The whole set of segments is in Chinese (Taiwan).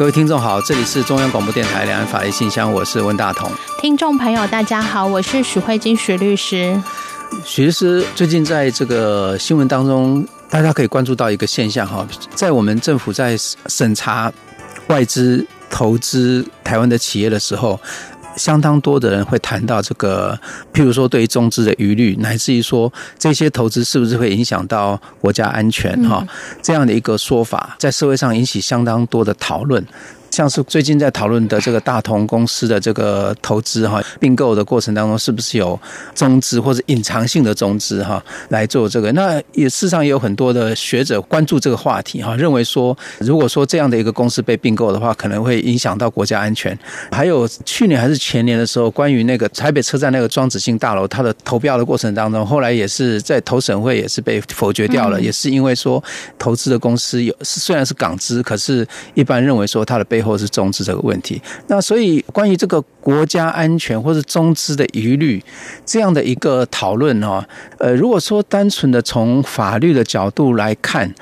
各位聽眾好，這裡是中央廣播電台兩岸法律信箱，我是溫大同。聽眾朋友大家好，我是許慧金，許律師。許律師，最近在這個新聞當中，大家可以關注到一個現象哈，在我們政府在審查外資投資台灣的企業的時候。相當多的人會談到這個，譬如說對於中資的疑慮，乃至於說這些投資是不是會影響到國家安全哈、嗯、這樣的一個說法，在社會上引起相當多的討論。像是最近在討論的這個大同公司的這個投資哈、啊，併購的過程當中，是不是有中資或者隱藏性的中資哈、啊、來做這個？那也事實上也有很多的學者關注這個話題哈、啊，認為說，如果說這樣的一個公司被併購的話，可能會影響到國家安全。還有去年還是前年的時候，關於那個台北車站那個雙子星大樓，它的投標的過程當中，後來也是在投審會也是被否決掉了，嗯、也是因為說投資的公司有雖然是港資，可是一般認為說它的被或是是中資這個問題，那所以關於這個國家安全或者中資的疑慮這樣的一個討論哈呃，如果說單純的從法律的角度來看，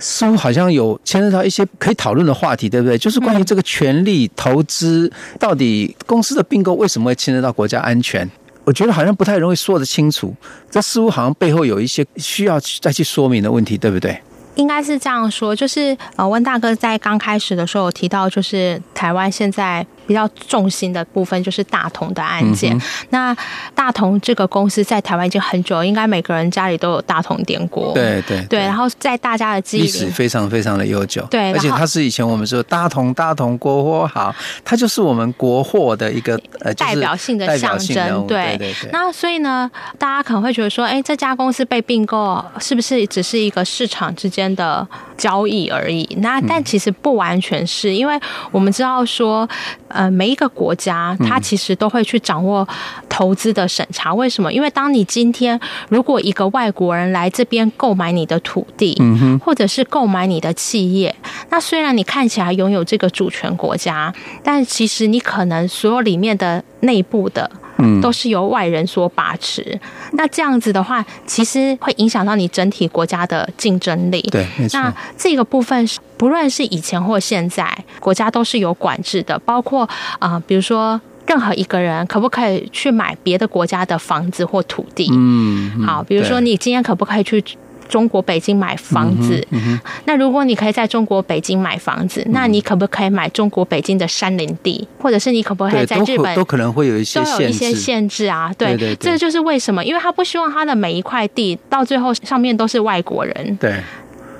似乎好像有牽扯到一些可以討論的話題，對不對？就是關於這個權利投資到底公司的併購為什麼會牽扯到國家安全？我覺得好像不太容易說得清楚，這似乎好像背後有一些需要再去說明的問題，對不對？應該是這樣說，就是呃，溫大哥在剛開始的時候有提到，就是台灣現在。比較重心的部分就是大同的案件。嗯、那大同這個公司在台灣已經很久，應該每個人家裡都有大同電鍋。對對對，對。然後在大家的記憶，歷史非常非常的悠久。對，而且它是以前我們說大同大同國貨好，它就是我們國貨的一個、呃、代表性的象徵。呃就是、對，對，對，對。那所以呢，大家可能會覺得說，哎、欸，這家公司被併購，是不是只是一個市場之間的交易而已？那但其實不完全是、嗯、因為我們知道說。呃，每一個國家，它其實都會去掌握投資的審查。為什麼？因為當你今天如果一個外國人來這邊購買你的土地，或者是購買你的企業，那雖然你看起來擁有這個主權國家，但其實你可能所有裡面的內部的。嗯，都是由外人所把持。那這樣子的話，其實會影響到你整體國家的競爭力。對，沒錯。那這個部分是，不論是以前或現在，國家都是有管制的。包括啊、呃，比如說，任何一個人可不可以去買別的國家的房子或土地？嗯，嗯好，比如說，你今天可不可以去？中國北京買房子，嗯嗯，那如果你可以在中國北京買房子，嗯，那你可不可以買中國北京的山林地？嗯、或者是你可不可以在日本都？都可能會有一些，都有一些限制啊。對，對，對，對，這個就是為什麼，因為他不希望他的每一塊地到最後上面都是外國人。對。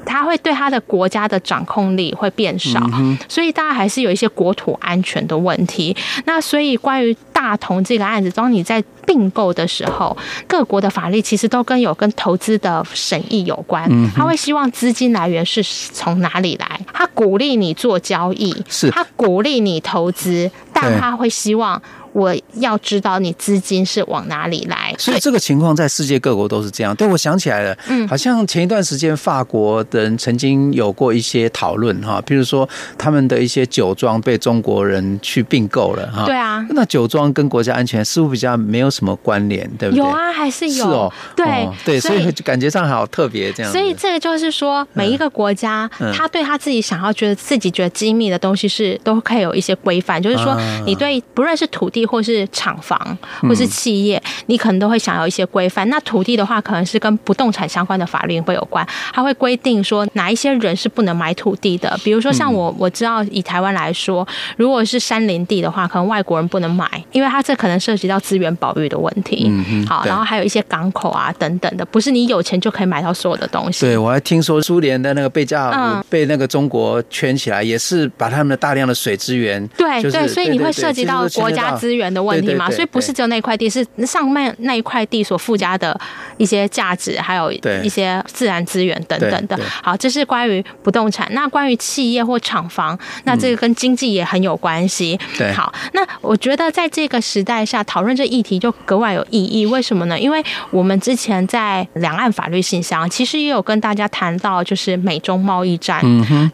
他會對他的國家的掌控力會變少，嗯、所以大家還是有一些國土安全的問題。那所以關於大同這個案子中，你在併購的時候，各國的法律其實都跟有跟投資的審議有關，嗯。他會希望資金來源是從哪裡來？他鼓勵你做交易，是，他鼓勵你投資，但他會希望。我要知道你資金是往哪裡來，所以這個情況在世界各國都是這樣。對，我想起來了，嗯，好像前一段時間法國的人曾經有過一些討論哈，比如說他們的一些酒莊被中國人去併購了哈。對啊，那酒莊跟國家安全似乎比較沒有什麼關聯，對不對？有啊，還是有。是哦，對哦對所，所以感覺上還好特別這樣。所以這個就是說，每一個國家，嗯，他對他自己想要覺得自己覺得機密的東西是都可以有一些規範，嗯，就是說你對不論是土地。或是廠房，或是企業，你可能都會想要一些規範、嗯。那土地的話，可能是跟不動產相關的法律會有關，它會規定說哪一些人是不能買土地的。比如說像我，我知道以台灣來說，如果是山林地的話，可能外國人不能買，因為他這可能涉及到資源保育的問題、嗯。好，然後還有一些港口啊等等的，不是你有錢就可以買到所有的東西。對，我還聽說蘇聯的那個貝加爾湖被那個中國圈起來，也是把他們的大量的水資源。對，就是、對，對對，所以你會涉及到國家資源源的問題嘛， 對對對對對對，所以不是只有那塊地，是上面那一塊地所附加的一些價值，還有一些自然資源等等的。對對對對，好，這是關於不動產。那關於企業或廠房，那這個跟經濟也很有關係。對，對，好，那我覺得在這個時代下討論這議題就格外有意義。為什麼呢？因為我們之前在兩岸法律信箱其實也有跟大家談到，就是美中貿易戰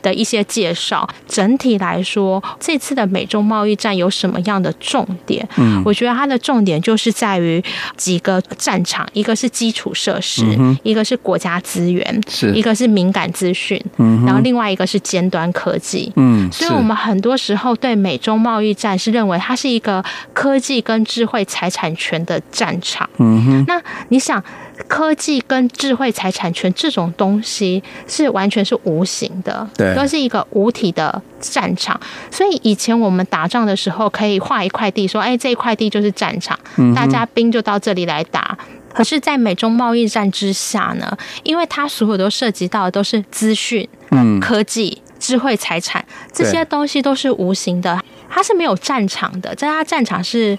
的一些介紹、嗯哼。整體來說，這次的美中貿易戰有什麼樣的重點？嗯，我覺得它的重點就是在於幾個戰場，一個是基礎設施，嗯，一個是國家資源，是一個是敏感資訊，嗯，然後另外一個是尖端科技，嗯，所以我們很多時候對美中貿易戰是認為它是一個科技跟智慧財產權的戰場，嗯哼，那你想。科技跟智慧財產權這種東西是完全是無形的，對，都是一個無體的戰場。所以以前我們打仗的時候，可以畫一塊地，說：“哎、欸，這一塊地就是戰場，大家兵就到這裡來打。”嗯，可是，在美中貿易戰之下呢，因為它所有都涉及到的都是資訊、嗯、科技、智慧財產這些東西都是無形的，它是沒有戰場的。在它戰場是。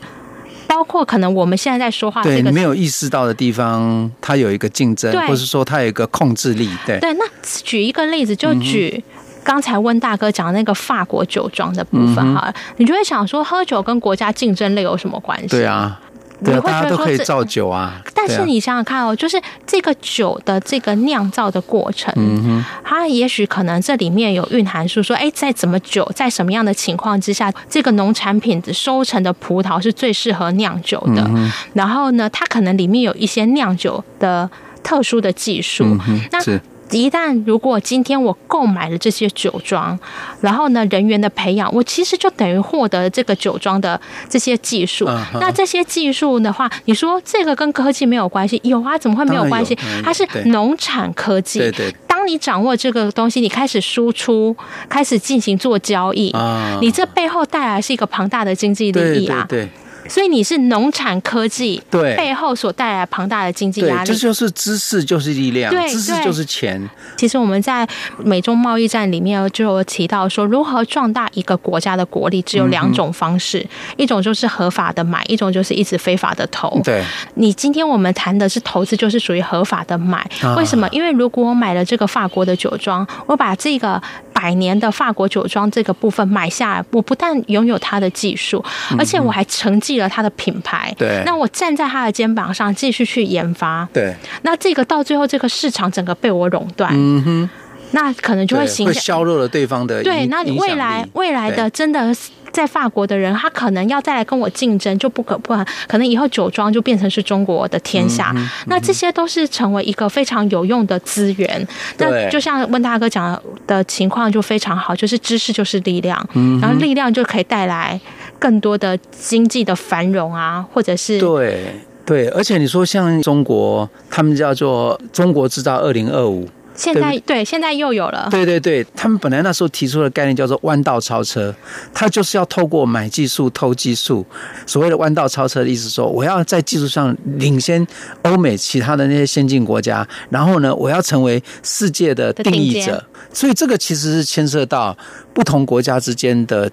包括可能我們現在在說話的對，對你沒有意識到的地方，它有一個競爭對，或是說它有一個控制力，對對。那舉一個例子，就舉剛才溫大哥講那個法國酒莊的部分哈、嗯，你就會想說，喝酒跟國家競爭力有什麼關係？對啊。對，大家都可以造酒啊。但是你想想看哦，啊、就是這個酒的這個釀造的過程，嗯、哼它也許可能這裡面有蘊含說說，哎，在怎麼酒，在什麼樣的情況之下，這個農產品收成的葡萄是最適合釀酒的。嗯、然後呢，它可能裡面有一些釀酒的特殊的技術。那、嗯。是一旦如果今天我購買了這些酒莊，然後呢人員的培養，我其實就等於獲得了這個酒莊的這些技術。Uh-huh. 那這些技術的話，你說這個跟科技沒有關係？有啊，怎麼會沒有關係？它是農產科技。對對，當你掌握這個東西，你開始輸出，開始進行做交易，uh-huh. 你這背後帶來是一個龐大的經濟利益啊！對對對。所以你是農產科技，對，背後所帶來龐大的經濟壓力。對，這就是知識就是力量，對，知識就是錢。其實我們在美中貿易戰裡面就有提到說，如何壯大一個國家的國力，只有兩種方式、嗯：一種就是合法的買，一種就是一直非法的投。對，你今天我們談的是投資，就是屬於合法的買，啊。為什麼？因為如果我買了這個法國的酒莊，我把這個百年的法國酒莊這個部分買下來，我不但擁有它的技術，嗯，而且我還曾經。了他的品牌，對，那我站在他的肩膀上繼續去研發，對，那這個到最後這個市場整個被我壟斷，嗯哼，那可能就會形成會削弱了對方的、嗯、對，那你未來未來的真的在法國的人，他可能要再來跟我競爭就不可破，可能以後酒莊就變成是中國的天下、嗯，那這些都是成為一個非常有用的資源。嗯、那就像溫大哥講的情況就非常好，就是知識就是力量，嗯、然後力量就可以帶來。更多的經濟的繁榮啊，或者是對對，而且你說像中國，他們叫做“中國製造二零二五”，現在對，對，現在又有了，對對對，他們本來那時候提出的概念叫做“彎道超車”，他就是要透過買技術、偷技術，所謂的“彎道超車”的意思說，說我要在技術上領先歐美其他的那些先進國家，然後呢，我要成為世界的定義者，所以這個其實是牽涉到不同國家之間的。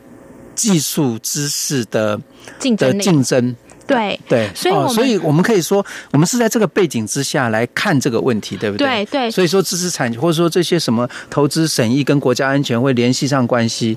技術知識的競爭、競爭，對對，所以、哦、所以我們可以說，我們是在這個背景之下來看這個問題，對不對？對，對，所以說知識產權或者說這些什麼投資審議跟國家安全會聯繫上關係。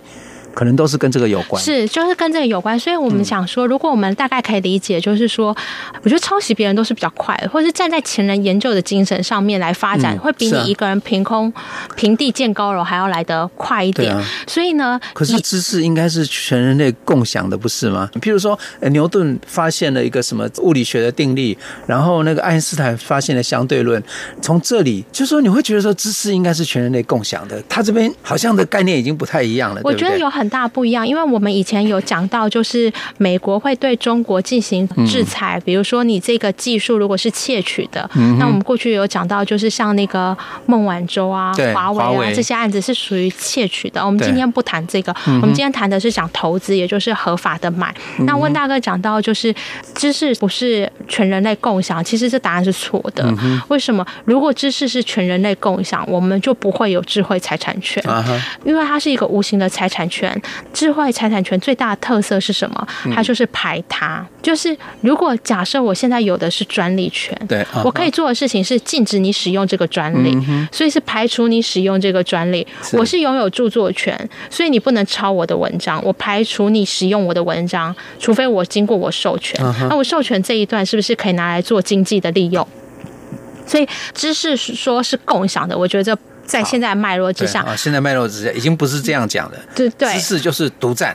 可能都是跟這個有關，是就是跟這個有關，所以我們想說，如果我們大概可以理解，就是說、嗯，我覺得抄襲別人都是比較快的，或是站在前人研究的精神上面來發展，嗯、會比你一個人憑空平、啊、地建高樓還要來得快一點、啊。所以呢，可是知識應該是全人類共享的，不是嗎？譬如說、欸、牛頓發現了一個什麼物理學的定律，然後那個愛因斯坦發現了相對論，從這裡就是、說你會覺得說知識應該是全人類共享的，他這邊好像的概念已經不太一樣了，我，對不對？我覺得有很。很大不一樣，因為我們以前有講到，就是美國會對中國進行制裁，比如說你這個技術如果是竊取的，那我們過去有講到，就是像那個孟晚舟啊、華為啊這些案子是屬於竊取的。我們今天不談這個，我們今天談的是講投資，也就是合法的買。那溫大哥講到，就是知識不是全人類共享，其實這答案是錯的。為什麼？如果知識是全人類共享，我們就不會有智慧財產權，因為它是一個無形的財產權。智慧財產權最大的特色是什麼？嗯、它就是排他，就是如果假設我現在有的是專利權，對，uh -huh、我可以做的事情是禁止你使用這個專利，uh -huh、所以是排除你使用這個專利。Uh -huh、我是擁有著作權，所以你不能抄我的文章，我排除你使用我的文章，除非我經過我授權。Uh -huh、那我授權這一段是不是可以拿來做經濟的利用？所以知識說是共享的，我覺得。在現在脈絡之上啊、哦，現在脈絡之下已經不是這樣講了。嗯、對對，知識就是獨佔。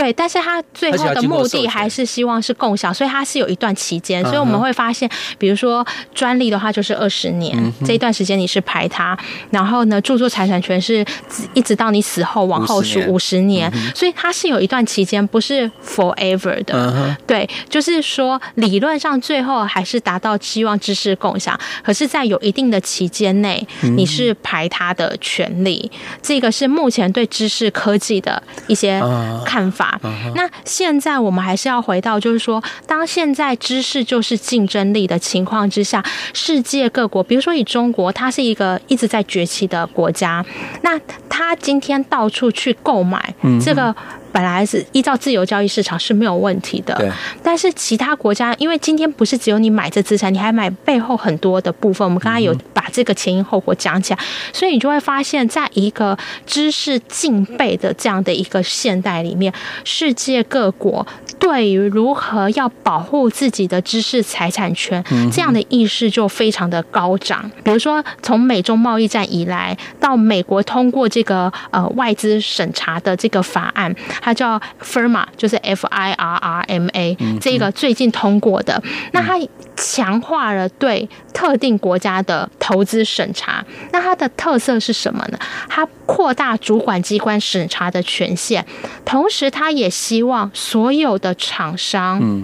對，但是他最後的目的還是希望是共享，所以他是有一段期間，所以我們會發現，比如說專利的話，就是二十年、嗯、這一段時間你是排他，然後呢，著作財產權是一直到你死後往後數五十年、嗯，所以他是有一段期間，不是 forever 的，嗯，對，就是說理論上最後還是達到希望知識共享，可是，在有一定的期間內你是排他的權利，嗯，這個是目前對知識科技的一些看法。嗯。Uh-huh. 那現在我們還是要回到，就是說，當現在知識就是競爭力的情況之下，世界各國，比如說以中國，它是一個一直在崛起的國家，那它今天到處去購買這個。Uh-huh. 本來是依照自由交易市場是沒有問題的，對，但是其他國家，因為今天不是只有你買這資產，你還買背後很多的部分。我們剛才有把這個前因後果講起來，嗯，所以你就會發現，在一個知識敬備的這樣的一個現代裡面，世界各國對於如何要保護自己的知識財產權這樣的意識就非常的高漲，嗯。比如說，從美中貿易戰以來，到美國通過這個呃外資審查的這個法案。它叫 FIRMA，就是 F I R R M A，嗯，這個最近通過的。嗯，那它強化了對特定國家的投資審查。那它的特色是什麼呢？它擴大主管機關審查的權限，同時它也希望所有的廠商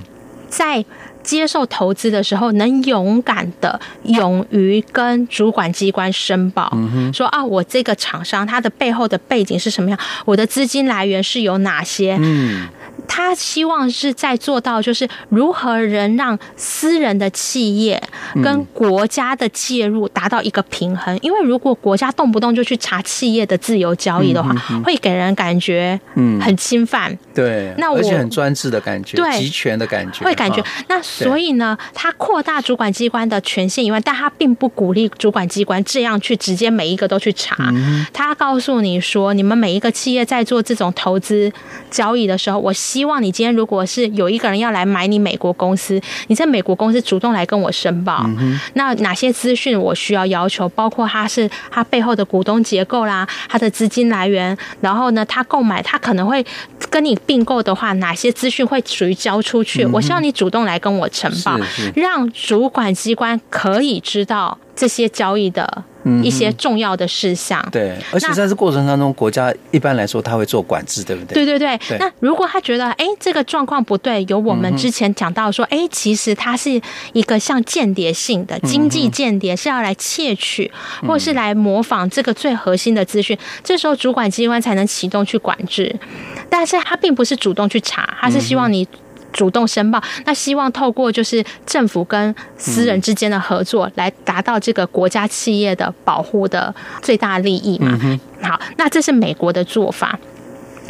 在。接受投資的時候，能勇敢的、勇於跟主管機關申報，說啊，我這個廠商它的背後的背景是什麼樣，我的資金來源是有哪些？嗯。他希望是在做到，就是如何能讓私人的企業跟國家的介入達到一個平衡，嗯。因為如果國家動不動就去查企業的自由交易的話，嗯嗯嗯，會給人感覺嗯，很侵犯，嗯、對，那我是很專制的感覺，對，集權的感覺，會感覺、哦、那所以呢，他擴大主管機關的權限以外，但他並不鼓勵主管機關這樣去直接每一個都去查。嗯，他告訴你說，你們每一個企業在做這種投資交易的時候，我。希望你今天如果是有一個人要來買你美國公司，你在美國公司主動來跟我申報、嗯，那哪些資訊我需要要求？包括他是他背後的股東結構啦，他的資金來源，然後呢，他購買他可能會跟你併購的話，哪些資訊會屬於交出去？嗯、我希望你主動來跟我申報，是是，讓主管機關可以知道這些交易的。一些重要的事項、嗯，對，而且在這過程當中，國家一般來說他會做管制，對不對？對對對。對那如果他覺得，哎、欸，這個狀況不對，有我們之前講到說，哎、嗯欸，其實它是一個像間諜性的經濟間諜，是要來竊取、嗯、或是來模仿這個最核心的資訊、嗯，這時候主管機關才能啟動去管制，但是他並不是主動去查，他是希望你、嗯。主動申報，那希望透過就是政府跟私人之間的合作，來達到這個國家企業的保護的最大利益嘛。好，那這是美國的做法。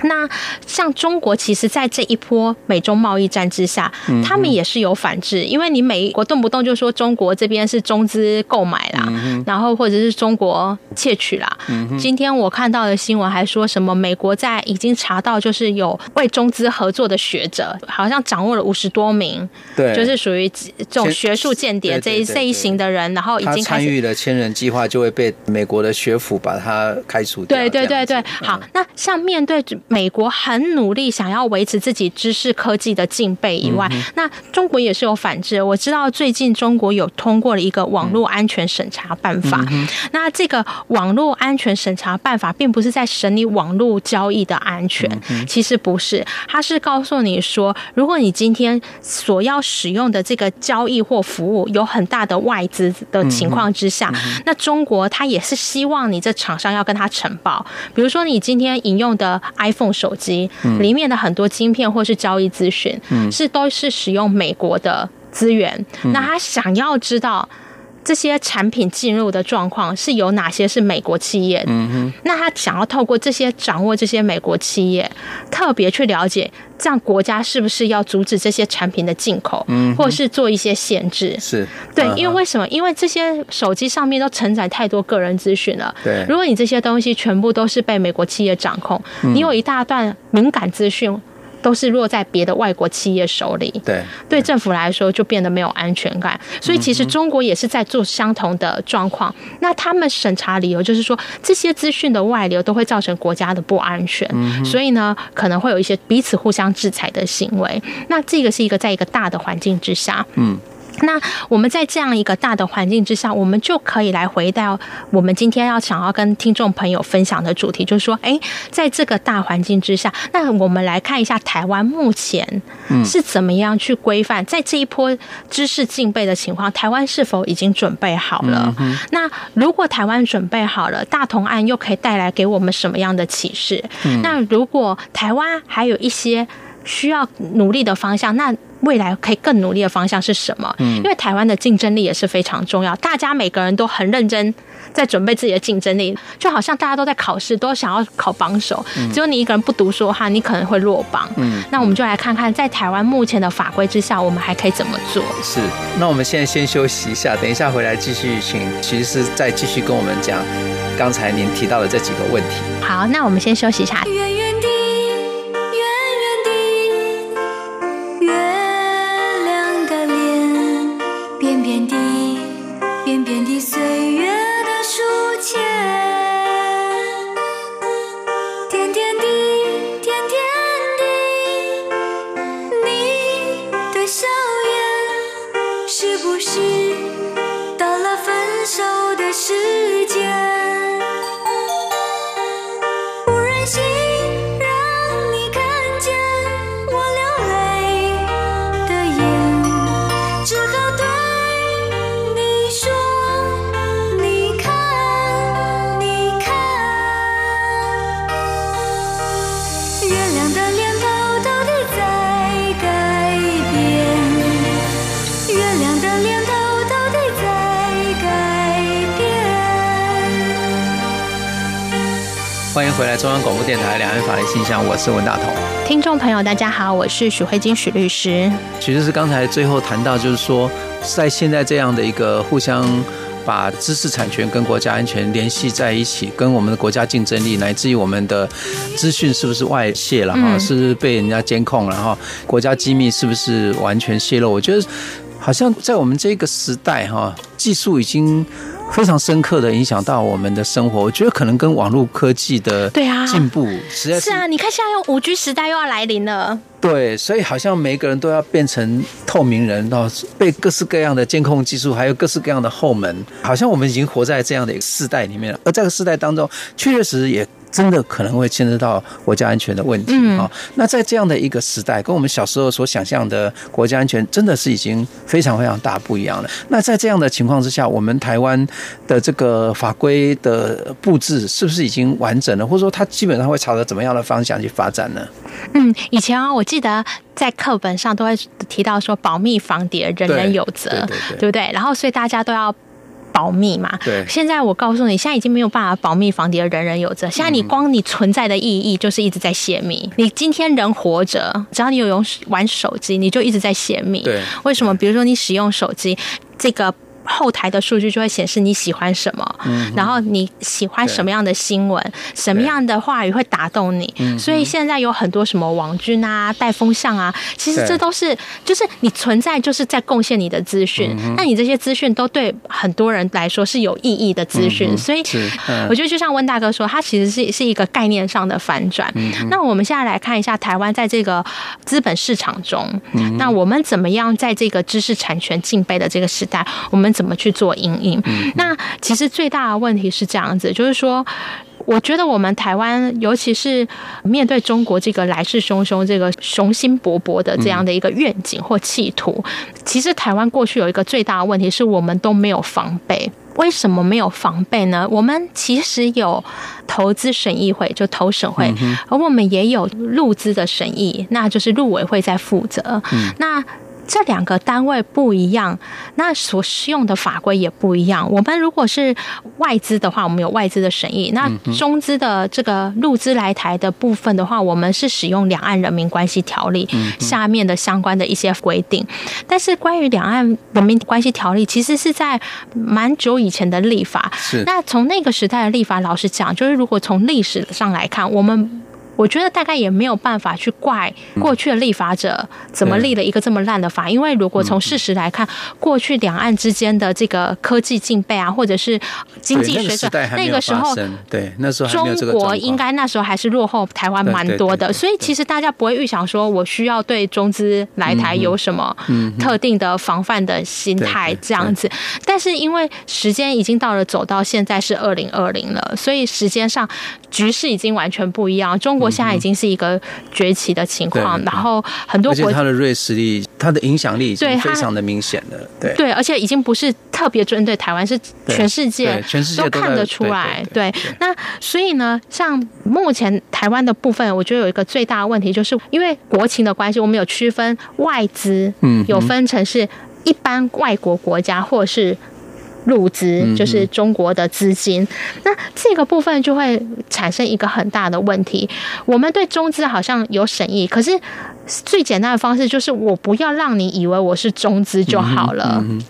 那像中國，其實，在這一波美中貿易戰之下、嗯，他們也是有反制，因為你美國動不動就說中國這邊是中資購買啦、嗯，然後或者是中國竊取啦、嗯。今天我看到的新聞還說什麼，美國在已經查到，就是有為中資合作的學者，好像掌握了五十多名，對，就是屬於這種學術間諜這一這一型的人，然後已經參與了千人計劃，就會被美國的學府把他開除掉。對，對對對對，好，那像面對。美國很努力想要維持自己知識科技的敬備以外，嗯，那中國也是有反制。我知道最近中國有通過了一個網絡安全審查辦法，嗯。那這個網絡安全審查辦法並不是在審理網絡交易的安全，嗯，其實不是，它是告訴你說，如果你今天所要使用的這個交易或服務有很大的外資的情況之下，嗯，那中國它也是希望你這廠商要跟它申報，比如說你今天引用的 iPhone。iPhone 手機裡面的很多晶片，或是交易資訊，嗯，是都是使用美國的資源，嗯。那他想要知道。這些產品進入的狀況是有哪些是美國企業的？嗯哼，那他想要透過這些掌握這些美國企業，特別去了解，這樣國家是不是要阻止這些產品的進口、嗯，或是做一些限制？是，對，因為為什麼？嗯、因為這些手機上面都承載太多個人資訊了。對，如果你這些東西全部都是被美國企業掌控，嗯、你有一大段敏感資訊。都是落在別的外國企業手裡，對，對政府來說就變得沒有安全感。所以其實中國也是在做相同的狀況。那他們審查理由就是說，這些資訊的外流都會造成國家的不安全，所以呢可能會有一些彼此互相制裁的行為。那這個是一個在一個大的環境之下，嗯。那我們在這樣一個大的環境之下，我們就可以來回到我們今天要想要跟聽眾朋友分享的主題，就是說，哎，在這個大環境之下，那我們來看一下台灣目前是怎麼樣去規範，嗯、在這一波知識競備的情況，台灣是否已經準備好了、嗯？那如果台灣準備好了，大同案又可以帶來給我們什麼樣的啟示？嗯、那如果台灣還有一些。需要努力的方向，那未來可以更努力的方向是什麼？嗯，因為台灣的競爭力也是非常重要，大家每個人都很認真在準備自己的競爭力，就好像大家都在考試，都想要考榜首，嗯，只有你一個人不讀書的話，你可能會落榜。嗯，那我們就來看看，在台灣目前的法規之下，我們還可以怎麼做？是，那我們現在先休息一下，等一下回來繼續，請其實是再繼續跟我們講剛才您提到的這幾個問題。好，那我們先休息一下。回來，中央廣播電台兩岸法律信箱，我是文大同。聽眾朋友，大家好，我是許慧金許律師。許律師，剛才最後談到，就是說，在現在這樣的一個互相把知識產權跟國家安全聯繫在一起，跟我們的國家競爭力，乃至於我們的資訊是不是外洩了哈、嗯？是不是被人家監控了哈？國家機密是不是完全洩露？我覺得，好像在我們這個時代哈，技術已經。非常深刻的影響到我們的生活，我覺得可能跟網絡科技的對啊進步實在是啊，你看現在用五 G 時代又要來臨了，對，所以好像每個人都要變成透明人哦，然後被各式各樣的監控技術，還有各式各樣的後門，好像我們已經活在這樣的一個世代裡面了。而這個世代當中，確確實實也。真的可能會牽涉到國家安全的問題啊、嗯！那在這樣的一個時代，跟我們小時候所想象的國家安全，真的是已經非常非常大不一樣了。那在這樣的情況之下，我們台灣的這個法規的布置是不是已經完整了，或者說它基本上會朝着怎麼樣的方向去發展呢？嗯，以前啊，我記得在課本上都會提到說，保密防諜，人人有責，對，對，對，對，對不對？然後，所以大家都要。保密嘛？對。現在我告訴你，現在已經沒有辦法保密，防諜人人有責。現在你光你存在的意義就是一直在泄密。嗯、你今天人活着，只要你有用玩手機，你就一直在泄密。對。為什麼？比如說你使用手機，這個。後台的數據就會顯示你喜歡什麼，嗯、然後你喜歡什麼樣的新聞，什麼樣的話語會打動你。所以現在有很多什麼網軍啊、帶風向啊，其實這都是就是你存在就是在貢獻你的資訊。那、嗯、你這些資訊都對很多人來說是有意義的資訊。嗯、所以我覺得就像溫大哥說，他其實是是一個概念上的反轉、嗯。那我們現在來看一下台灣在這個資本市場中、嗯，那我們怎麼樣在這個知識產權競備的這個時代，我們。怎麼去做陰影、嗯嗯。那其實最大的問題是這樣子，就是說，我覺得我們台灣，尤其是面對中國這個來勢洶洶、這個雄心勃勃的這樣的一個願景或企圖，嗯、其實台灣過去有一個最大的問題是我們都沒有防備。為什麼沒有防備呢？我們其實有投資審議會，就投審會、嗯，而我們也有陸資的審議，那就是陸委會在負責。嗯、那這兩個單位不一樣，那所適用的法規也不一樣。我們如果是外資的話，我們有外資的審議；那中資的這個陸資來台的部分的話，我們是使用兩岸人民關係條例、嗯、下面的相關的一些規定。但是，關於兩岸人民關係條例，其實是在蠻久以前的立法。是那從那個時代的立法，老實講，就是如果從歷史上來看，我們。我覺得大概也沒有辦法去怪過去的立法者怎麼立了一個這麼爛的法，因為如果從事實來看，過去兩岸之間的這個科技競備啊，或者是經濟水準，那個時候對那時候中國應該那時候還是落後台灣蠻多的，所以其實大家不會預想說我需要對中資來台有什麼特定的防範的心態這樣子。但是因為時間已經到了，走到現在是二零二零了，所以時間上，局勢已經完全不一樣，中國現在已經是一個崛起的情況，嗯、然後很多國家的銳實力、它的影響力已經非常的明顯了對，對，對，對，而且已經不是特別針對台灣，是全世界，全世界都，都看得出來對對對對，對。那所以呢，像目前台灣的部分，我覺得有一個最大的問題，就是因為國情的關係，我們有區分外資，嗯，有分成是一般外國國家、嗯、或是。入資就是中國的資金、嗯，那這個部分就會產生一個很大的問題。我們對中資好像有審議，可是最簡單的方式就是我不要讓你以為我是中資就好了。嗯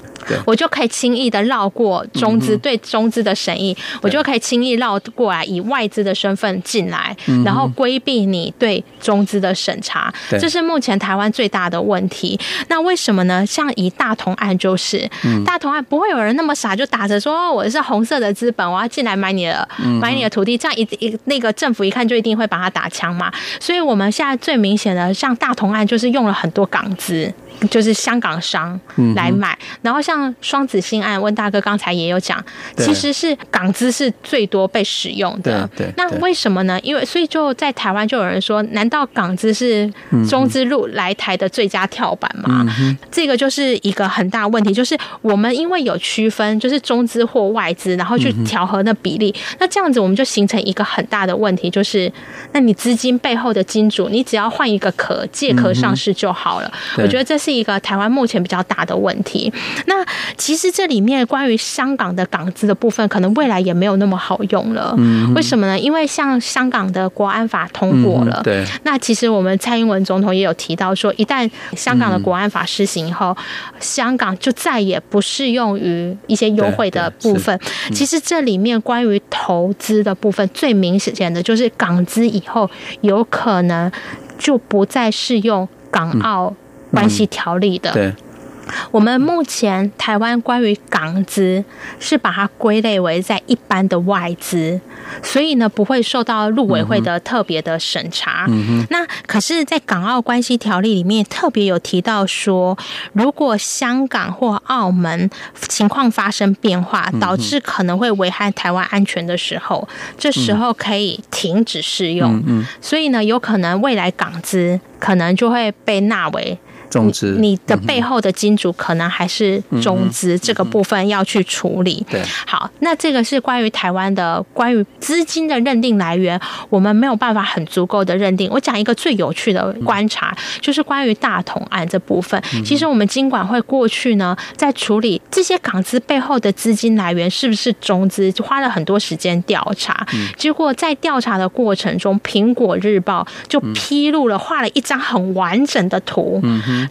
我就可以輕易的繞過中資對中資的審議，我就可以輕易繞過、嗯、過來，以外資的身份進來，然後規避你對中資的審查。這是目前台灣最大的問題。那為什麼呢？像以大同案就是，嗯、大同案不會有人那麼傻，就打着說我是紅色的資本，我要進來買你的，買你的土地，這樣一一那個政府一看就一定會把他打槍嘛。所以我們現在最明顯的像大同案，就是用了很多港資，就是香港商來買，嗯、然後像。像雙子星案，溫大哥剛才也有講，其實是港資是最多被使用的。對，對，那為什麼呢？因為所以就在台灣就有人說，難道港資是中資路來台的最佳跳板嗎？嗯、這個就是一個很大問題，就是我們因為有區分，就是中資或外資，然後去調和那比例、嗯，那這樣子我們就形成一個很大的問題，就是那你資金背後的金主，你只要換一個殼，借殼上市就好了、嗯。我覺得這是一個台灣目前比較大的問題。那其實這裡面關於香港的港資的部分，可能未來也沒有那麼好用了。Mm -hmm. 為什麼呢？因為像香港的國安法通過了，對、mm -hmm.。那其實我們蔡英文總統也有提到說，一旦香港的國安法施行以後，mm -hmm. 香港就再也不適用於一些優惠的部分。Mm -hmm. 其實這裡面關於投資的部分，mm -hmm. 最明顯的就是港資以後有可能就不再適用《港澳關係條例》的。Mm -hmm. Mm -hmm. 對我們目前台灣關於港資是把它歸類為在一般的外資，所以呢不會受到陸委會的特別的審查。嗯、那可是，在港澳關係條例裡面特別有提到說，如果香港或澳門情況發生變化，導致可能會危害台灣安全的時候、嗯，這時候可以停止適用、嗯嗯。所以呢，有可能未來港資可能就會被納為。中資，你的背後的金主可能還是中資，這個部分要去處理。對，好，那這個是關於台灣的關於資金的認定來源，我們沒有辦法很足夠的認定。我講一個最有趣的觀察，就是關於大同案這部分，其實我們金管會過去呢，在處理這些港資背後的資金來源是不是中資，就花了很多時間調查。結果在調查的過程中，蘋果日報就披露了畫了一張很完整的圖。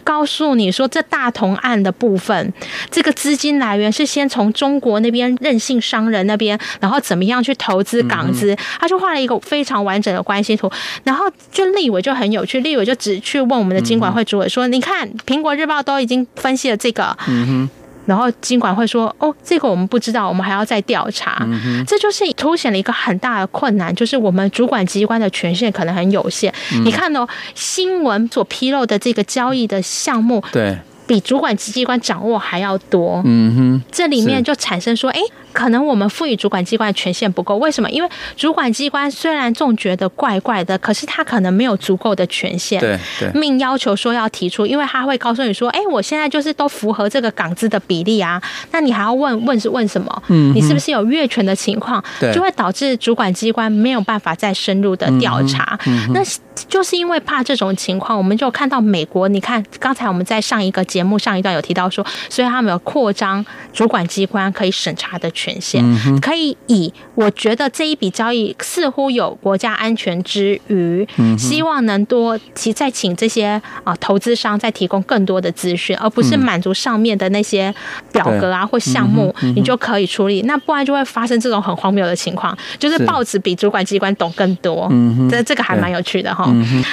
告訴你說，這大同案的部分，這個資金來源是先從中國那邊任性商人那邊，然後怎麼樣去投資港資。他就畫了一個非常完整的關係圖，然後就立委就很有趣，立委就只去問我們的經管會主委說：“嗯、你看，《蘋果日報》都已經分析了這個。嗯”然後，儘管會說哦，這個我們不知道，我們還要再調查。嗯，這就是凸顯了一個很大的困難，就是我們主管機關的權限可能很有限。嗯。你看哦，新聞所披露的這個交易的項目，對，比主管機關掌握還要多。嗯哼，這裡面就產生說，哎。誒可能我們賦予主管機關的權限不夠，為什麼？因為主管機關雖然總覺得怪怪的，可是他可能沒有足夠的權限，對，對。命要求說要提出，因為他會告訴你說：“哎，我現在就是都符合這個港資的比例啊，那你還要問問是問什麼？嗯，你是不是有越權的情況？對、嗯，就會導致主管機關沒有辦法再深入的調查。那就是因為怕這種情況，我們就看到美國，你看剛才我們在上一個節目上一段有提到說，所以他們有擴張主管機關可以審查的權。權限。權限可以以，我覺得這一筆交易似乎有國家安全之餘，嗯、希望能多，其再請這些啊、呃、投資商再提供更多的資訊，而不是滿足上面的那些表格啊、嗯、或項目、嗯嗯，你就可以處理，那不然就會發生這種很荒謬的情況，就是報紙比主管機關懂更多，這、嗯、這個還蠻有趣的哈。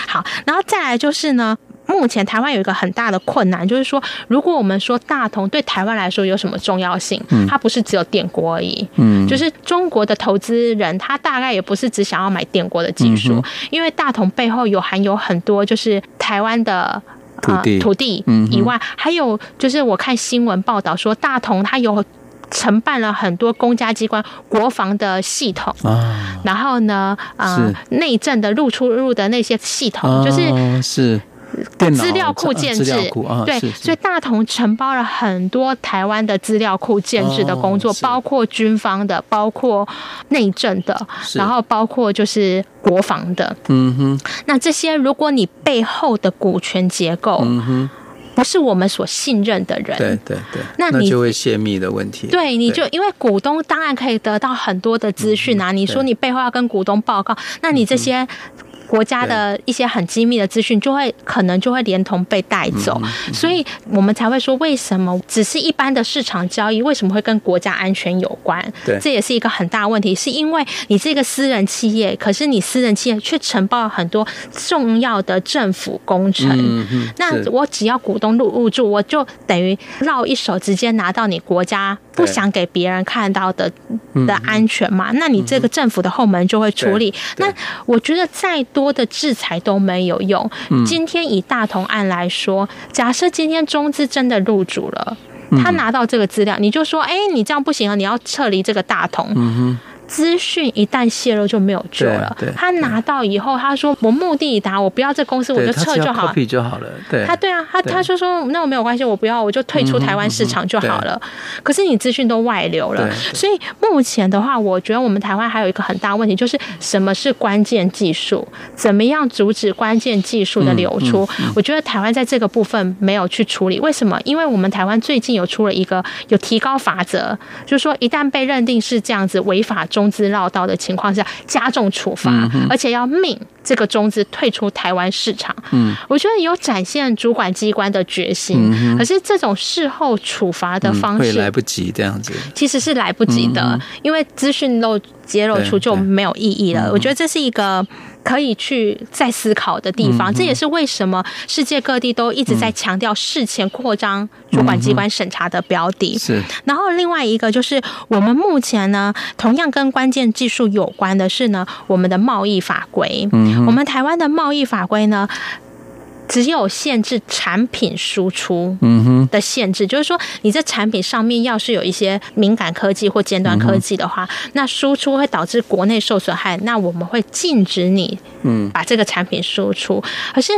好，然後再來就是呢。目前台灣有一個很大的困難，就是說，如果我們說大同對台灣來說有什麼重要性，它、嗯、不是只有電鍋而已，嗯，就是中國的投資人，他大概也不是只想要買電鍋的技術、嗯，因為大同背後有含有很多，就是台灣的、呃、土地土地以外、嗯，還有就是我看新聞報道說，大同它有承辦了很多公家機關國防的系統啊，然後呢，啊、呃，內政的入出入的那些系統，就是、啊、是。資、啊、料庫建置、啊啊，對，是是，所以大同承包了很多台灣的資料庫建置的工作、哦，包括軍方的，包括內政的，然後包括就是國防的。嗯哼，那這些如果你背後的股權結構，嗯哼，不是我們所信任的人，嗯、對對，對那你就會泄密的問題。對，你就因為股東當然可以得到很多的資訊啊、嗯，你說你背後要跟股東報告，嗯、那你這些。國家的一些很機密的資訊，就會可能就會連同被帶走，所以我們才會說，為什麼只是一般的市場交易，為什麼會跟國家安全有關？對，這也是一個很大問題，是因為你這個私人企業，可是你私人企業卻承包了很多重要的政府工程。嗯哼，那我只要股東入入住，我就等於繞一手，直接拿到你國家。不想給別人看到的的安全嘛？那你這個政府的後門就會處理。那我覺得再多的制裁都沒有用。今天以大同案來說，假設今天中資真的入主了，他拿到這個資料，你就說：“欸，你這樣不行了，你要撤離這個大同。”資訊一旦洩露就沒有救了。他拿到以後，他說：“我目的已達，我不要這公司，我就撤就好了。”他對啊，他他說：“那我沒有關係，我不要，我就退出台灣市場就好了。”可是你資訊都外流了，所以目前的話，我覺得我們台灣還有一個很大問題，就是什麼是關鍵技術？怎麼樣阻止關鍵技術的流出？我覺得台灣在這個部分沒有去處理。為什麼？因為我們台灣最近有出了一個有提高法則，就是說一旦被認定是這樣子違法。中資繞道的情況下加重處罰，嗯，而且要命這個中資退出台灣市場。嗯，我覺得有展現主管機關的決心，嗯。可是這種事後處罰的方式、嗯，會來不及這樣子，其實是來不及的，嗯，因為資訊漏。揭露，出就沒有意義了。我覺得這是一個可以去再思考的地方。這也是為什麼世界各地都一直在強調事前擴張主管機關審查的標的。是，然後另外一個就是我們目前呢，同樣跟關鍵技術有關的是呢，我們的貿易法規。嗯，我們台灣的貿易法規呢，只有限制產品輸出的限制，就是說，你這產品上面要是有一些敏感科技或尖端科技的話，那輸出會導致國內受損害，那我們會禁止你把這個產品輸出。可是。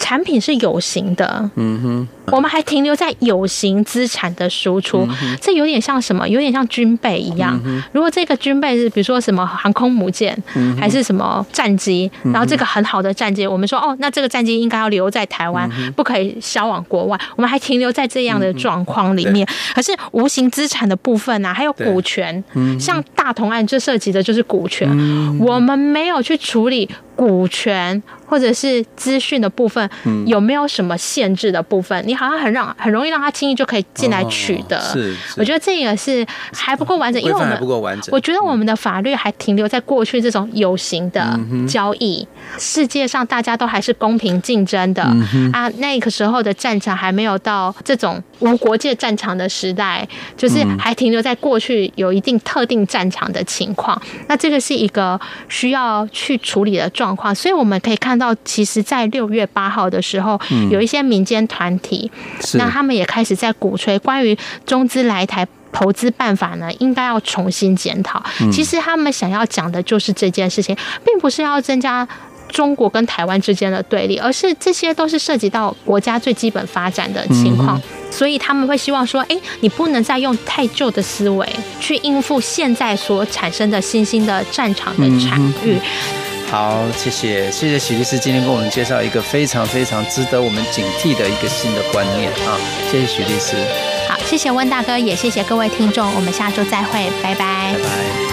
產品是有形的，嗯哼，我們還停留在有形資產的輸出，嗯，這有點像什麼？有點像軍備一樣。嗯，如果這個軍備是比如說什麼航空母艦，嗯，還是什麼戰機，嗯，然後這個很好的戰機，嗯，我們說哦，那這個戰機應該要留在台灣，嗯，不可以銷往國外。我們還停留在這樣的狀況裡面，嗯。可是無形資產的部分呢，啊，還有股權，嗯，像大同案，這涉及的就是股權，嗯，我們沒有去處理。股權或者是資訊的部分有沒有什麼限制的部分？你好像很讓很容易讓他輕易就可以進來取得。是，我覺得這個是還不夠完整，因為我們不夠完整。我覺得我們的法律還停留在過去這種有形的交易。世界上大家都還是公平競爭的啊，那個時候的戰場還沒有到這種無國界戰場的時代，就是還停留在過去有一定特定戰場的情況。那這個是一個需要去處理的狀。所以我們可以看到，其實，在六月八號的時候，有一些民間團體、嗯，那他們也開始在鼓吹關於中資來台投資辦法呢，應該要重新檢討。其實他們想要講的就是這件事情，並不是要增加中國跟台灣之間的對立，而是這些都是涉及到國家最基本發展的情況。所以他們會希望說，哎，你不能再用太舊的思維去應付現在所產生的新興的戰場的場域。好，謝謝，謝謝許律師今天跟我們介紹一個非常非常值得我們警惕的一個新的觀念啊！謝謝許律師。好，謝謝溫大哥，也謝謝各位聽眾，我們下周再會，拜拜，拜拜。